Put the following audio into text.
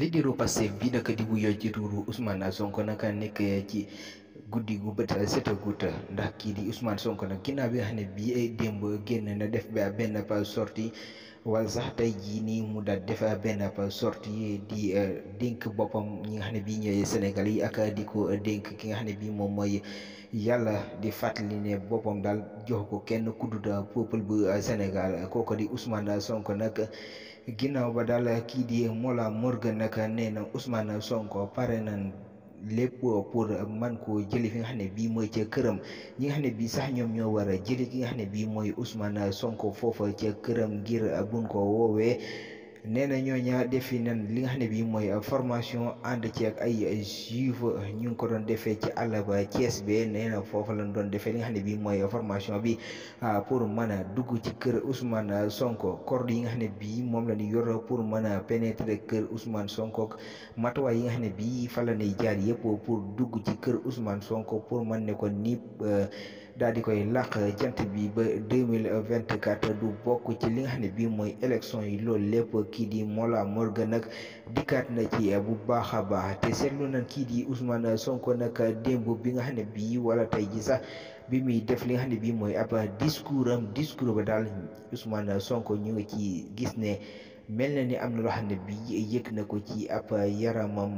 li diiru Pastef bi naka di wuyoo ci tuuru Ousmane Sonko naka nekk ci guddi gu bët setagut ndax kii di Ousmane Sonko nag ginnaaw bi nga ne bii ay démb génn na def ba benn page sortie wala sax tey jii nii mu daal def benn page sortie di eh, dénk boppam ñi nga xam ne bii ñooy Sénégal yi dénk ki nga xam ne bii moom mooy yàlla di fàttali ne boppam daal jox ko kenn ku dul peuple bu Sénégal kooku di Ousmane Sonko nag. ginnaaw ba daal kii di Mola Morgan nag nee na a Sonko pare na lépp pour man ko jëli fi nga xam ne bii mooy ca këram ñi nga xam ne bii sax ñoom ñoo war a jëli ki nga xam ne bii mooy Ousmane Sonko foofa ca këram ngir buñ ko woowee nee na ñooña defi nan li nga xam ne bii mooy formation ànd ci ak ay juif ñu ngi ko doon defee ci àll ba bee be nee na foofu doon defee li nga xam ne bii mooy formation bi ah, pour mën a dugg ci kër Ousmane Sonko corde yi nga xam ne bii moom la ñu yor pour mën a pénétrer kër Ousmane Sonko matuwaay yi nga xam ne bii fa la ñuy jaar yëpp pour dugg ci kër Ousmane Sonko pour man ne ko nii. Euh, daal di koy làq jant bi ba deux vingt quatre du bokk ci li nga xam ne bii mooy élection yi loolu lépp kii di Mola Morgan nag dikkaat na ci bu baax a baax te seetlu nañ kii di Ousmane Sonko nag démb bi nga xam ne bi wala tey ji sax bi muy def li nga xam ne bii mooy ab discours am discours ba daal Ousmane Sonko ñu ngi ci gis ne mel na ni am na loo xam ne bii yëg na ko ci ab yaramam.